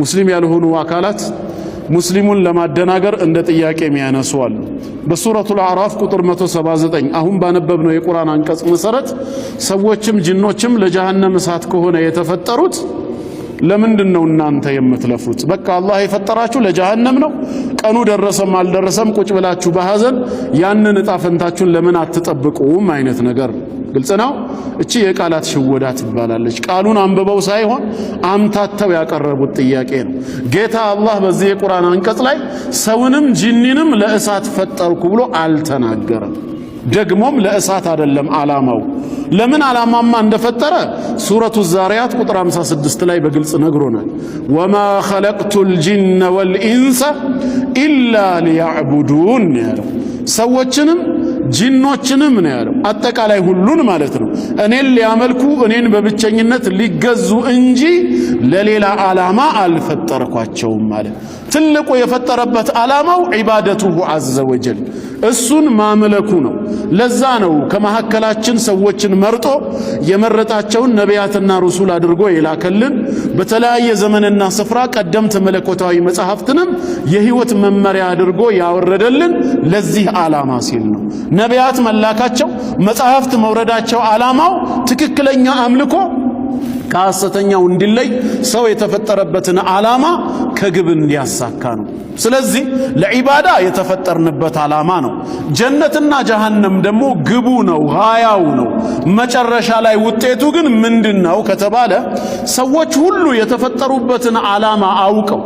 ሙስሊም ያልሆኑ አካላት ሙስሊሙን ለማደናገር እንደ ጥያቄ የሚያነሱ አሉ። በሱረቱል አዕራፍ ቁጥር 179 አሁን ባነበብነው የቁርአን አንቀጽ መሰረት ሰዎችም ጅኖችም ለጀሃነም እሳት ከሆነ የተፈጠሩት ለምንድን ነው እናንተ የምትለፉት? በቃ አላህ የፈጠራችሁ ለጀሃነም ነው። ቀኑ ደረሰም አልደረሰም ቁጭ ብላችሁ በሐዘን ያንን እጣ ፈንታችሁን ለምን አትጠብቁም? አይነት ነገር ግልጽ ነው። እቺ የቃላት ሽወዳ ትባላለች። ቃሉን አንብበው ሳይሆን አምታተው ያቀረቡት ጥያቄ ነው። ጌታ አላህ በዚህ የቁርአን አንቀጽ ላይ ሰውንም ጂኒንም ለእሳት ፈጠርኩ ብሎ አልተናገረም። ደግሞም ለእሳት አይደለም ዓላማው። ለምን ዓላማማ እንደፈጠረ ሱረቱ ዛሪያት ቁጥር 56 ላይ በግልጽ ነግሮናል። ወማ ኸለቅቱ ልጅነ ወልኢንሰ ኢላ ሊያዕቡዱን ያለው ሰዎችንም ጂኖችንም ነው ያለው። አጠቃላይ ሁሉን ማለት ነው። እኔን ሊያመልኩ እኔን በብቸኝነት ሊገዙ እንጂ ለሌላ ዓላማ አልፈጠርኳቸውም ማለት። ትልቁ የፈጠረበት ዓላማው ዒባደቱሁ አዘወጀል። ወጀል እሱን ማምለኩ ነው። ለዛ ነው ከመሐከላችን ሰዎችን መርጦ የመረጣቸውን ነቢያትና ሩሱል አድርጎ የላከልን። በተለያየ ዘመንና ስፍራ ቀደምት መለኮታዊ መጽሐፍትንም የሕይወት መመሪያ አድርጎ ያወረደልን ለዚህ ዓላማ ሲል ነው። ነቢያት መላካቸው፣ መጽሐፍት መውረዳቸው ዓላማው ትክክለኛ አምልኮ ከሐሰተኛው እንዲለይ ሰው የተፈጠረበትን ዓላማ ከግብ እንዲያሳካ ነው። ስለዚህ ለዒባዳ የተፈጠርንበት ዓላማ ነው። ጀነትና ጀሃነም ደግሞ ግቡ ነው፣ ሃያው ነው። መጨረሻ ላይ ውጤቱ ግን ምንድን ነው ከተባለ ሰዎች ሁሉ የተፈጠሩበትን ዓላማ አውቀው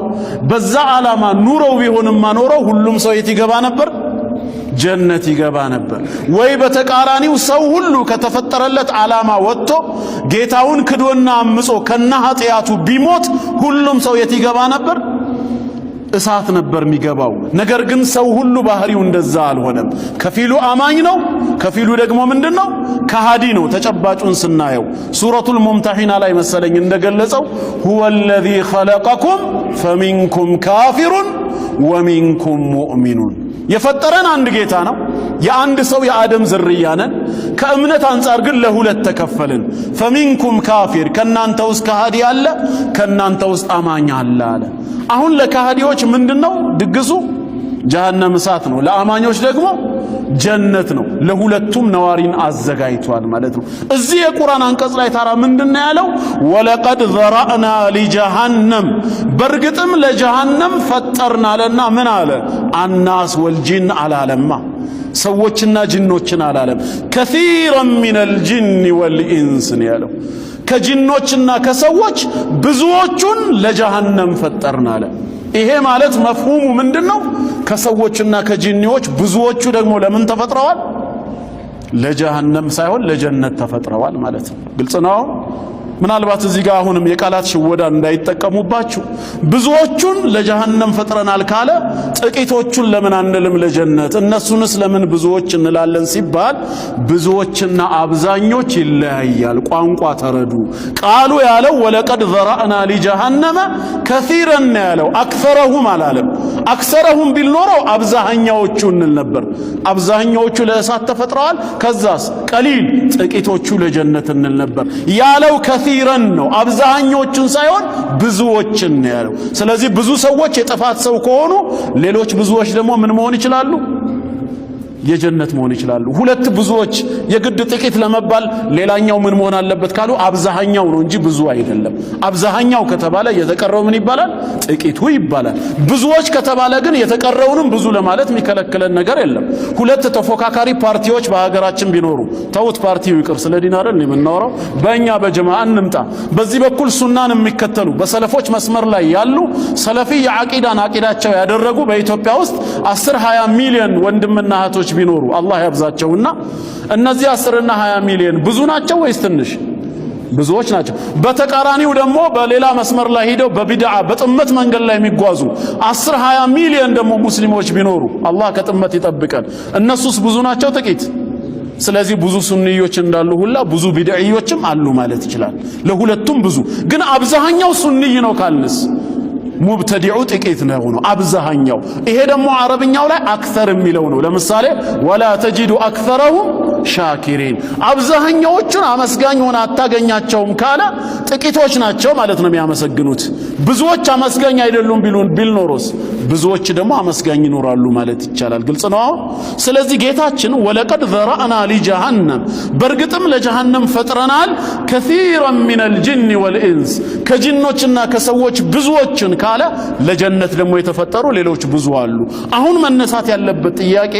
በዛ ዓላማ ኑረው ቢሆንም ማኖረው ሁሉም ሰው የት ይገባ ነበር? ጀነት ይገባ ነበር። ወይ በተቃራኒው ሰው ሁሉ ከተፈጠረለት ዓላማ ወጥቶ ጌታውን ክዶና አምጾ ከና ኃጢአቱ ቢሞት ሁሉም ሰው የት ይገባ ነበር? እሳት ነበር የሚገባው። ነገር ግን ሰው ሁሉ ባህሪው እንደዛ አልሆነም። ከፊሉ አማኝ ነው፣ ከፊሉ ደግሞ ምንድን ነው? ከሃዲ ነው። ተጨባጩን ስናየው ሱረቱል ሙምተሒና ላይ መሰለኝ እንደገለጸው ሁወ ለዚ ኸለቀኩም ፈሚንኩም ካፊሩን ወሚንኩም ሙእሚኑን የፈጠረን አንድ ጌታ ነው። የአንድ ሰው የአደም ዝርያ ነን። ከእምነት አንጻር ግን ለሁለት ተከፈልን። ፈሚንኩም ካፊር፣ ከናንተ ውስጥ ከሃዲ አለ፣ ከናንተ ውስጥ አማኝ አለ አለ። አሁን ለካሃዲዎች ምንድነው ድግሱ? ጀሃነም እሳት ነው። ለአማኞች ደግሞ ጀነት ነው። ለሁለቱም ነዋሪን አዘጋጅቷል ማለት ነው። እዚህ የቁርአን አንቀጽ ላይ ታራ ምንድን ነው ያለው? ወለቀድ ዘራእና ሊጀሃነም በእርግጥም ለጀሃነም ፈጠርን አለና ምን አለ? አናስ ወልጂን አላለማ ሰዎችና ጅኖችን አላለም። ከሲረን ሚነል ጂኒ ወልኢንስ ያለው። ከጅኖችና ከሰዎች ብዙዎቹን ለጀሃነም ፈጠርን አለ። ይሄ ማለት መፍሁሙ ምንድን ነው? ከሰዎችና ከጂኒዎች ብዙዎቹ ደግሞ ለምን ተፈጥረዋል? ለጀሃነም ሳይሆን ለጀነት ተፈጥረዋል ማለት ነው። ግልጽ ነው። ምናልባት እዚህ ጋር አሁንም የቃላት ሽወዳን እንዳይጠቀሙባችሁ ብዙዎቹን ለጀሃነም ፈጥረናል ካለ ጥቂቶቹን ለምን አንልም ለጀነት እነሱንስ ለምን ብዙዎች እንላለን ሲባል ብዙዎችና አብዛኞች ይለያያል ቋንቋ ተረዱ ቃሉ ያለው ወለቀድ ዘራእና ሊጀሃነመ ከሲረን ያለው አክሰረሁም አላለም አክሰረሁም ቢል ኖሮ አብዛኛዎቹ እንል ነበር። አብዛኛዎቹ ለእሳት ተፈጥረዋል። ከዛስ ቀሊል ጥቂቶቹ ለጀነት እንል ነበር። ያለው ከሲረን ነው፣ አብዛኛዎቹን ሳይሆን ብዙዎችን ያለው። ስለዚህ ብዙ ሰዎች የጥፋት ሰው ከሆኑ ሌሎች ብዙዎች ደግሞ ምን መሆን ይችላሉ? የጀነት መሆን ይችላሉ። ሁለት ብዙዎች የግድ ጥቂት ለመባል ሌላኛው ምን መሆን አለበት ካሉ አብዛኛው ነው እንጂ ብዙ አይደለም። አብዛኛው ከተባለ የተቀረው ምን ይባላል? ጥቂቱ ይባላል። ብዙዎች ከተባለ ግን የተቀረውንም ብዙ ለማለት የሚከለክለን ነገር የለም። ሁለት ተፎካካሪ ፓርቲዎች በሀገራችን ቢኖሩ ተውት፣ ፓርቲው ይቅር፣ ስለ ዲን አይደል የምናወራው። በእኛ በጀማዓ እንምጣ። በዚህ በኩል ሱናን የሚከተሉ በሰለፎች መስመር ላይ ያሉ ሰለፊ የዓቂዳን አቂዳቸው ያደረጉ በኢትዮጵያ ውስጥ 10 20 ሚሊዮን ወንድምና እህቶች ሰዎች ቢኖሩ አላህ ያብዛቸውና እነዚህ አስርና 20 ሚሊዮን ብዙ ናቸው ወይስ ትንሽ? ብዙዎች ናቸው። በተቃራኒው ደግሞ በሌላ መስመር ላይ ሂደው በቢድዓ በጥመት መንገድ ላይ የሚጓዙ 10 20 ሚሊዮን ደግሞ ሙስሊሞች ቢኖሩ አላህ ከጥመት ይጠብቀን። እነሱስ ብዙ ናቸው ጥቂት? ስለዚህ ብዙ ሱንዮች እንዳሉ ሁላ ብዙ ቢድዕዮችም አሉ ማለት ይችላል። ለሁለቱም ብዙ ግን አብዛኛው ሱንይ ነው ካልንስ ሙብተዲዑ ጥቂት ነው ነው አብዛኛው። ይሄ ደግሞ አረብኛው ላይ አክሰር የሚለው ነው። ለምሳሌ ወላ ተጂዱ አክተረሁም ሻኪሪን፣ አብዛኛዎቹን አመስጋኝ ሆነ አታገኛቸውም ካለ ጥቂቶች ናቸው ማለት ነው የሚያመሰግኑት። ብዙዎች አመስጋኝ አይደሉም ቢሉን ቢል ኖሮስ ብዙዎች ደግሞ አመስጋኝ ይኖራሉ ማለት ይቻላል። ግልጽ ነው። ስለዚህ ጌታችን ወለቀድ ዘራአና ሊጀሃነም በእርግጥም ለጀሃነም ፈጥረናል ከሲራን ሚነል ጅኒ ወልኢንስ ከጅኖችና ከሰዎች ብዙዎችን ካለ ለጀነት ደግሞ የተፈጠሩ ሌሎች ብዙ አሉ። አሁን መነሳት ያለበት ጥያቄ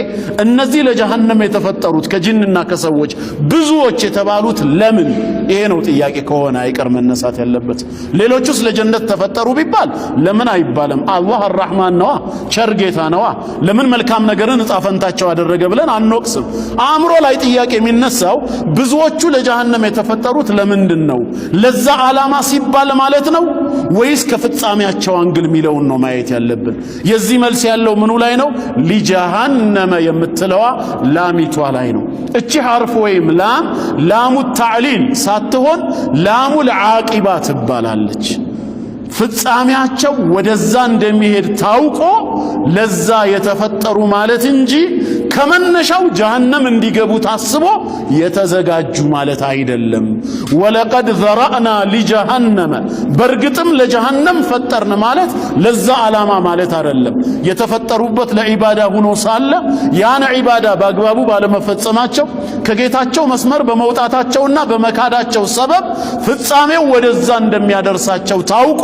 እነዚህ ለጀሃነም የተፈጠሩት ከጅንና ከሰዎች ብዙዎች የተባሉት ለምን? ይሄ ነው ጥያቄ ከሆነ አይቀር መነሳት ያለበት። ሌሎቹስ ለጀነት ተፈጠሩ ቢባል ለምን አይባልም? አላህ አራህማን ነዋ፣ ቸር ጌታ ነዋ። ለምን መልካም ነገርን እጣ ፈንታቸው አደረገ ብለን አንወቅስም። አእምሮ ላይ ጥያቄ የሚነሳው ብዙዎቹ ለጀሃነም የተፈጠሩት ለምንድን ነው? ለዛ ዓላማ ሲባል ማለት ነው ወይስ ከፍጻሜያቸው አንግል የሚለውን ነው ማየት ያለብን። የዚህ መልስ ያለው ምኑ ላይ ነው? ሊጀሃነመ የምትለዋ ላሚቷ ላይ ነው። እቺ ሐርፍ ወይም ላም ላሙ ታዕሊል ሳትሆን ላሙ ለዓቂባ ትባላለች። ፍጻሜያቸው ወደዛ እንደሚሄድ ታውቆ ለዛ የተፈጠሩ ማለት እንጂ ከመነሻው ጀሃነም እንዲገቡ ታስቦ የተዘጋጁ ማለት አይደለም። ወለቀድ ዘራእና ሊጀሃነመ በእርግጥም ለጀሃነም ፈጠርን ማለት ለዛ ዓላማ ማለት አይደለም። የተፈጠሩበት ለዒባዳ ሆኖ ሳለ ያን ዒባዳ በአግባቡ ባለመፈጸማቸው ከጌታቸው መስመር በመውጣታቸውና በመካዳቸው ሰበብ ፍጻሜው ወደዛ እንደሚያደርሳቸው ታውቆ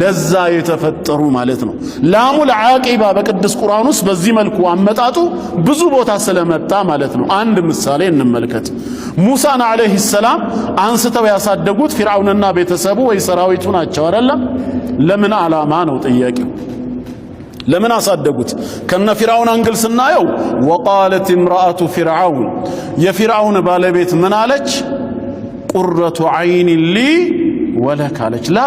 ለዛ የተፈጠሩ ማለት ነው። ላሙል ዓቂባ በቅዱስ ቁርአን ውስጥ በዚህ መልኩ አመጣጡ ብዙ ቦታ ስለመጣ ማለት ነው። አንድ ምሳሌ እንመልከት። ሙሳን ዓለይሂ ሰላም አንስተው ያሳደጉት ፊርዓውንና ቤተሰቡ ወይ ሰራዊቱ ናቸው አይደለም? ለምን ዓላማ ነው ጥያቄው። ለምን አሳደጉት? ከነ ፊርዓውን አንግል ስናየው ወቃለት እምራአቱ ፊርዓውን የፊርዓውን ባለቤት ምን አለች? ቁረቱ ዐይን ሊ ወለክ አለች። ላ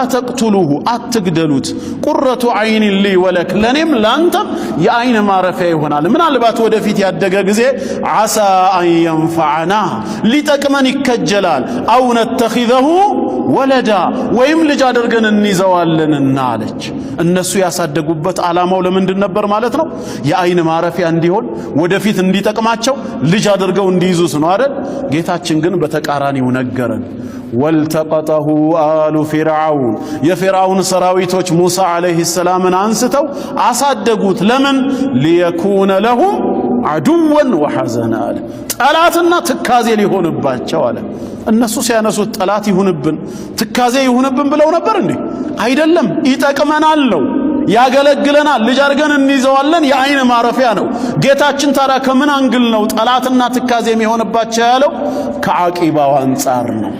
አትግደሉት። ቁረቱ ዐይን ሊ ወለክ ለእኔም ለአንተም የአይን ማረፊያ ይሆናል። ምናልባት ወደፊት ያደገ ጊዜ ዓሳ አን የንፈዓና ሊጠቅመን ይከጀላል። አው ነተኺዘሁ ወለዳ ወይም ልጅ አድርገን እንይዘዋለንና አለች። እነሱ ያሳደጉበት ዓላማው ለምንድን ነበር ማለት ነው? የአይን ማረፊያ እንዲሆን ወደፊት እንዲጠቅማቸው ልጅ አድርገው እንዲይዙት ነው አይደል? ጌታችን ግን በተቃራኒው ነገረን ወልተቀጠሁ አሉ ፊርዓውን የፊርዓውን ሰራዊቶች ሙሳ ዓለይሂ ሰላምን አንስተው አሳደጉት። ለምን ሊየኩነ ለሁም አዱወን ወሐዘን አለ ጠላትና ትካዜ ሊሆንባቸው አለ። እነሱ ሲያነሱት ጠላት ይሁንብን ትካዜ ይሁንብን ብለው ነበር እንዴ? አይደለም፣ ይጠቅመናል ነው ያገለግለናል ልጅ አድርገን እንይዘዋለን። የአይን ማረፊያ ነው። ጌታችን ታዲያ ከምን አንግል ነው ጠላትና ትካዜ የሚሆንባቸው ያለው? ከአቂባው አንጻር ነው።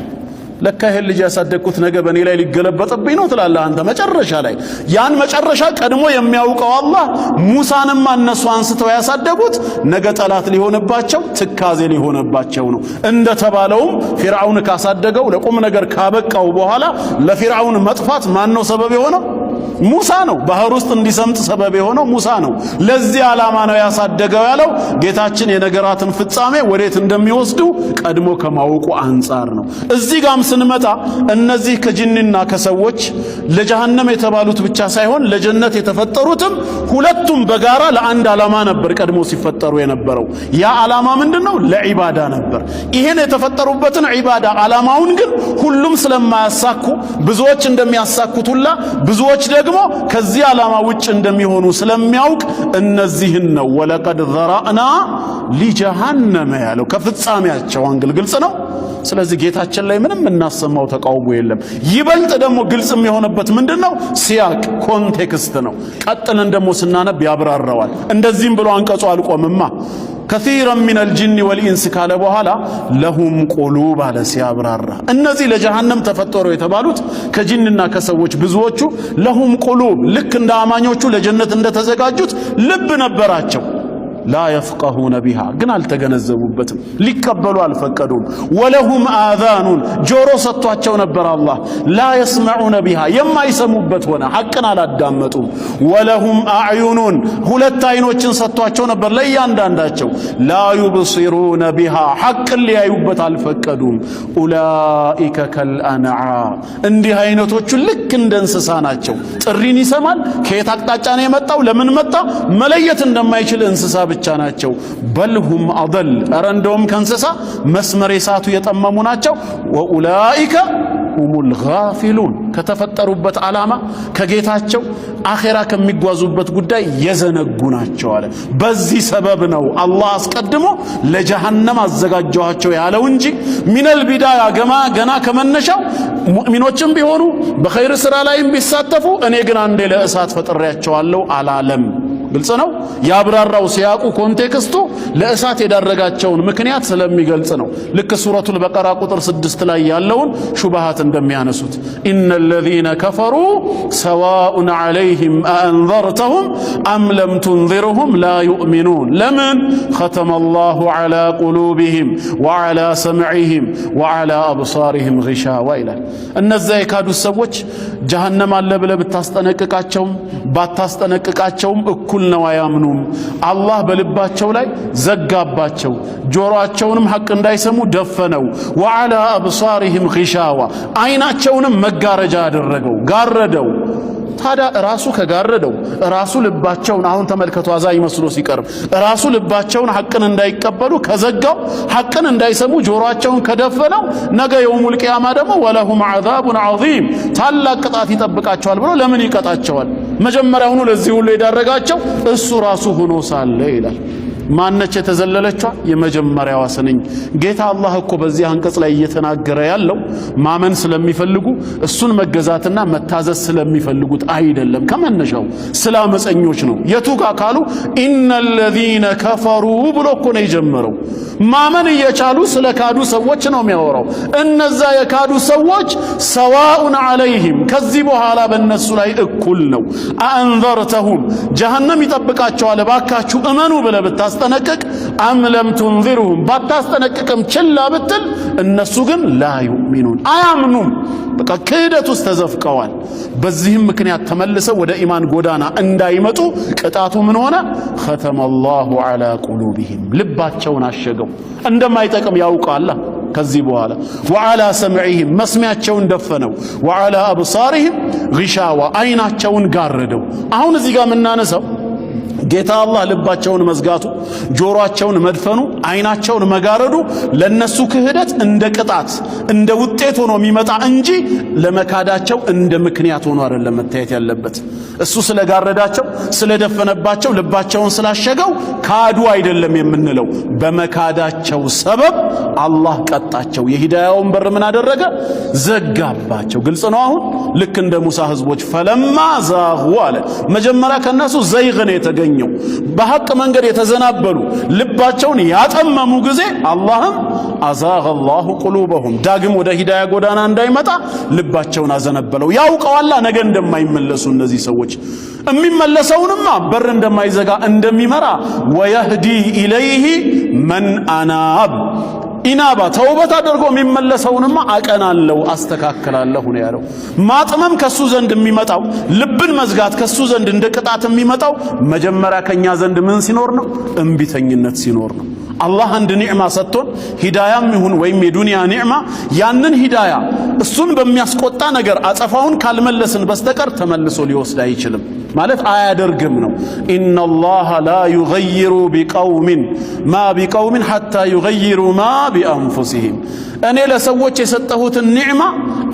ለካ ይሄን ልጅ ያሳደግኩት ነገ በእኔ ላይ ሊገለበጥብኝ ነው ትላለህ አንተ መጨረሻ ላይ። ያን መጨረሻ ቀድሞ የሚያውቀው አላህ ሙሳንማ እነሱ አንስተው ያሳደጉት ነገ ጠላት ሊሆንባቸው ትካዜ ሊሆንባቸው ነው። እንደተባለውም ፊርዓውን ካሳደገው ለቁም ነገር ካበቃው በኋላ ለፊርዓውን መጥፋት ማን ነው ሰበብ የሆነው? ሙሳ ነው። ባህር ውስጥ እንዲሰምጥ ሰበብ የሆነው ሙሳ ነው። ለዚህ ዓላማ ነው ያሳደገው ያለው ጌታችን የነገራትን ፍጻሜ ወዴት እንደሚወስዱ ቀድሞ ከማወቁ አንጻር ነው። እዚህ ጋም ስንመጣ እነዚህ ከጅንና ከሰዎች ለጀሃነም የተባሉት ብቻ ሳይሆን ለጀነት የተፈጠሩትም ሁለቱም በጋራ ለአንድ ዓላማ ነበር ቀድሞ ሲፈጠሩ የነበረው። ያ ዓላማ ምንድን ነው? ለዒባዳ ነበር። ይህን የተፈጠሩበትን ዒባዳ ዓላማውን ግን ሁሉም ስለማያሳኩ ብዙዎች እንደሚያሳኩት ሁላ ብዙዎች ደግሞ ከዚህ ዓላማ ውጭ እንደሚሆኑ ስለሚያውቅ እነዚህን ነው ወለቀድ ዘራእና ሊጀሃነመ ያለው ከፍጻሜያቸው አንግል ግልጽ ነው። ስለዚህ ጌታችን ላይ ምንም እናሰማው ተቃውሞ የለም። ይበልጥ ደግሞ ግልጽ የሆነበት ምንድን ነው? ሲያቅ ኮንቴክስት ነው። ቀጥለን ደግሞ ስናነብ ያብራራዋል። እንደዚህም ብሎ አንቀጹ አልቆምማ ከሲረን ሚነል ጅኒ ወልኢንስ ካለ በኋላ ለሁም ቁሉብ አለ ሲያብራራ። እነዚህ ለጀሃነም ተፈጠሩ የተባሉት ከጅንና ከሰዎች ብዙዎቹ ለሁም ቁሉብ ልክ እንደ አማኞቹ ለጀነት እንደተዘጋጁት ልብ ነበራቸው። ላ የፍቀሁነ ቢሃ ግን አልተገነዘቡበትም፣ ሊቀበሉ አልፈቀዱም። ወለሁም አዛኑን ጆሮ ሰጥቷቸው ነበር አላህ ላ የስመዑነ ቢሃ የማይሰሙበት ሆነ፣ ሐቅን አላዳመጡም። ወለሁም አዕዩኑን ሁለት አይኖችን ሰጥቷቸው ነበር ለእያንዳንዳቸው ላ ዩብሲሩነ ቢሃ ሐቅን ሊያዩበት አልፈቀዱም። ኡላኢከ ከልአንዓ እንዲህ አይነቶቹ ልክ እንደ እንስሳ ናቸው። ጥሪን ይሰማል። ከየት አቅጣጫ ነው የመጣው? ለምን መጣ? መለየት እንደማይችል እንስሳ ብቻ ብቻ ናቸው። በልሁም አደል እረ እንደውም ከእንስሳ መስመር የሳቱ የጠመሙ ናቸው። ወኡላኢከ ሁሙል ጋፊሉን ከተፈጠሩበት ዓላማ ከጌታቸው አኼራ ከሚጓዙበት ጉዳይ የዘነጉ ናቸው አለ። በዚህ ሰበብ ነው አላህ አስቀድሞ ለጀሃነም አዘጋጀኋቸው ያለው እንጂ ሚነል ቢዳያ ገማ ገና ከመነሻው ሙእሚኖችም ቢሆኑ በኸይር ሥራ ላይም ቢሳተፉ እኔ ግን አንዴ ለእሳት ፈጥሬያቸዋለሁ አላለም። ግልጽ ነው። ያብራራው ሲያቁ ኮንቴክስቱ ለእሳት የዳረጋቸውን ምክንያት ስለሚገልጽ ነው። ልክ ሱረቱል በቀራ ቁጥር ስድስት ላይ ያለውን ሹብሃት እንደሚያነሱት ኢነ ለዚነ ከፈሩ ሰዋኡን ዐለይሂም አአንዘርተሁም አም ለም ቱንዚርሁም ላ ዩእሚኑን። ለምን ኸተመ አላሁ ዐላ ቁሉቢሂም ወዐላ ሰምዒሂም ወዐላ አብሳሪሂም ጊሻዋ ይላል። እነዚያ የካዱት ሰዎች ጀሃነም አለ ብለህ ብታስጠነቅቃቸውም ባታስጠነቅቃቸውም እኩል ነው አያምኑም አላህ በልባቸው ላይ ዘጋባቸው፣ ጆሮአቸውንም ሐቅ እንዳይሰሙ ደፈነው። ወዓላ አብሳሪህም ኺሻዋ አይናቸውንም መጋረጃ አደረገው፣ ጋረደው። ታዲያ ራሱ ከጋረደው ራሱ ልባቸውን አሁን ተመልከቱ፣ አዛኝ መስሎ ሲቀርብ ራሱ ልባቸውን ሐቅን እንዳይቀበሉ ከዘጋው፣ ሐቅን እንዳይሰሙ ጆሮአቸውን ከደፈነው፣ ነገ የውሙል ቂያማ ደግሞ ወለሁም ዓዛቡን ዐዚም ታላቅ ቅጣት ይጠብቃቸዋል ብሎ ለምን ይቀጣቸዋል? መጀመሪያውኑ ለዚህ ሁሉ የዳረጋቸው እሱ ራሱ ሆኖ ሳለ ይላል። ማነች የተዘለለችዋ? የመጀመሪያዋ ስንኝ። ጌታ አላህ እኮ በዚህ አንቀጽ ላይ እየተናገረ ያለው ማመን ስለሚፈልጉ እሱን መገዛትና መታዘዝ ስለሚፈልጉት አይደለም። ከመነሻው ስለ አመፀኞች ነው። የቱጋ ካሉ ኢነለዚነ ከፈሩ ብሎ እኮ ነው የጀመረው። ማመን እየቻሉ ስለ ካዱ ሰዎች ነው የሚያወራው። እነዛ የካዱ ሰዎች ሰዋኡን አለይህም ከዚህ በኋላ በእነሱ ላይ እኩል ነው። አእንዘርተሁም ጀሃነም ይጠብቃቸዋል። እባካችሁ እመኑ ብለህ ብታስ ስታስጠነቅቅ አምለም ለም ቱንዚሩሁም ባታስጠነቅቅም ችላ ብትል እነሱ ግን ላ ዩእሚኑን አያምኑም። በቃ ክህደት ውስጥ ተዘፍቀዋል። በዚህም ምክንያት ተመልሰው ወደ ኢማን ጎዳና እንዳይመጡ ቅጣቱ ምን ሆነ? ኸተመ ላሁ ዐላ ቁሉብህም ልባቸውን አሸገው። እንደማይጠቅም ያውቃላ ከዚህ በኋላ ወዓላ ሰምዕህም መስሚያቸውን ደፈነው፣ ወዓላ አብሳሪህም ግሻዋ አይናቸውን ጋረደው። አሁን እዚህ ጋር የምናነሳው ጌታ አላህ ልባቸውን መዝጋቱ፣ ጆሮአቸውን መድፈኑ፣ አይናቸውን መጋረዱ ለነሱ ክህደት እንደ ቅጣት እንደ ውጤት ሆኖ የሚመጣ እንጂ ለመካዳቸው እንደ ምክንያት ሆኖ አይደለም መታየት ያለበት። እሱ ስለጋረዳቸው ስለደፈነባቸው፣ ልባቸውን ስላሸገው ካዱ አይደለም የምንለው። በመካዳቸው ሰበብ አላህ ቀጣቸው። የሂዳያውን በር ምን አደረገ? ዘጋባቸው። ግልጽ ነው። አሁን ልክ እንደ ሙሳ ህዝቦች ፈለማ ዛሁ አለ። መጀመሪያ ከነሱ ዘይግ ነው የተገኘ ያገኘው በሐቅ መንገድ የተዘናበሉ ልባቸውን ያጠመሙ ጊዜ አላህም አዛገ አላሁ ቁሉበሁም ዳግም ወደ ሂዳያ ጎዳና እንዳይመጣ ልባቸውን አዘነበለው። ያውቀዋላ ነገ እንደማይመለሱ እነዚህ ሰዎች የሚመለሰውንማ በር እንደማይዘጋ እንደሚመራ ወየህዲ ኢለይህ መን አናብ ኢናባ ተውበት አድርጎ የሚመለሰውንማ አቀናለሁ፣ አስተካክላለሁ ነው ያለው። ማጥመም ከሱ ዘንድ የሚመጣው ልብን መዝጋት ከሱ ዘንድ እንደ ቅጣት የሚመጣው መጀመሪያ ከኛ ዘንድ ምን ሲኖር ነው? እምቢተኝነት ሲኖር ነው። አላህ አንድ ኒዕማ ሰጥቶን ሂዳያም ይሁን ወይም የዱንያ ኒዕማ ያንን ሂዳያ እሱን በሚያስቆጣ ነገር አጸፋውን ካልመለስን በስተቀር ተመልሶ ሊወስድ አይችልም። ማለት አያደርግም ነው። ኢነላሃ ላ ዩገይሩ ቢቀውሚን ማ ቢቀውሚን ሐታ ዩገይሩ ማ ቢአንፉሲህም እኔ ለሰዎች የሰጠሁትን ኒዕማ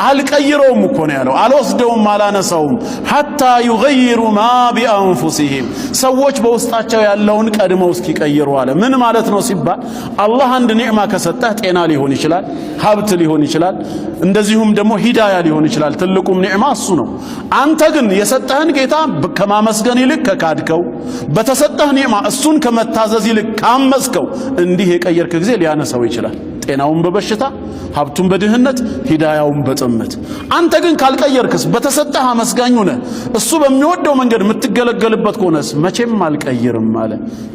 አልቀይረውም እኮ ነው ያለው። አልወስደውም፣ አላነሳውም። ሐታ ዩገይሩ ማ ቢአንፉሲህም ሰዎች በውስጣቸው ያለውን ቀድመው እስኪቀይሩ አለ። ምን ማለት ነው ሲባል አላህ አንድ ኒዕማ ከሰጠህ ጤና ሊሆን ይችላል፣ ሀብት ሊሆን ይችላል፣ እንደዚሁም ደግሞ ሂዳያ ሊሆን ይችላል። ትልቁም ኒዕማ እሱ ነው። አንተ ግን የሰጠህን ጌታ ከማመስገን ይልቅ ከካድከው፣ በተሰጠህ ኒዕማ እሱን ከመታዘዝ ይልቅ ካመስከው፣ እንዲህ የቀየርክ ጊዜ ሊያነሳው ይችላል። ጤናውን በበሽታ ሀብቱን በድህነት ሂዳያውን በጥመት። አንተ ግን ካልቀየርክስ በተሰጠህ አመስጋኝ ሆነ እሱ በሚወደው መንገድ የምትገለገልበት ከሆነስ መቼም አልቀይርም አለ።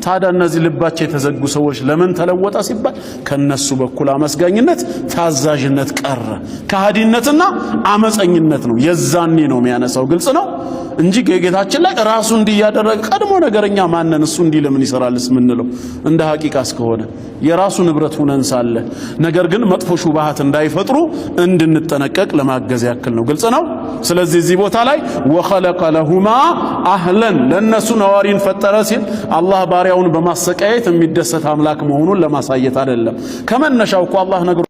ታዲያ እነዚህ ልባቸው የተዘጉ ሰዎች ለምን ተለወጠ ሲባል ከነሱ በኩል አመስጋኝነት፣ ታዛዥነት ቀረ። ከሃዲነትና አመፀኝነት ነው። የዛኔ ነው የሚያነሳው። ግልጽ ነው እንጂ ጌታችን ላይ ራሱ እንዲህ እያደረገ ቀድሞ ነገረኛ ማነን እሱ እንዲህ ለምን ይሰራልስ ምንለው እንደ ሐቂቃስ ከሆነ የራሱ ንብረት ሁነን ሳለ ነገር ግን መጥፎ ሹባሃት እንዳይፈጥሩ እንድንጠነቀቅ ለማገዝ ያክል ነው። ግልጽ ነው። ስለዚህ እዚህ ቦታ ላይ ወኸለቀ ለሁማ አህለን ለነሱ ነዋሪን ፈጠረ ሲል አላህ ባሪያውን በማሰቃየት የሚደሰት አምላክ መሆኑን ለማሳየት አይደለም። ከመነሻው እኮ አላህ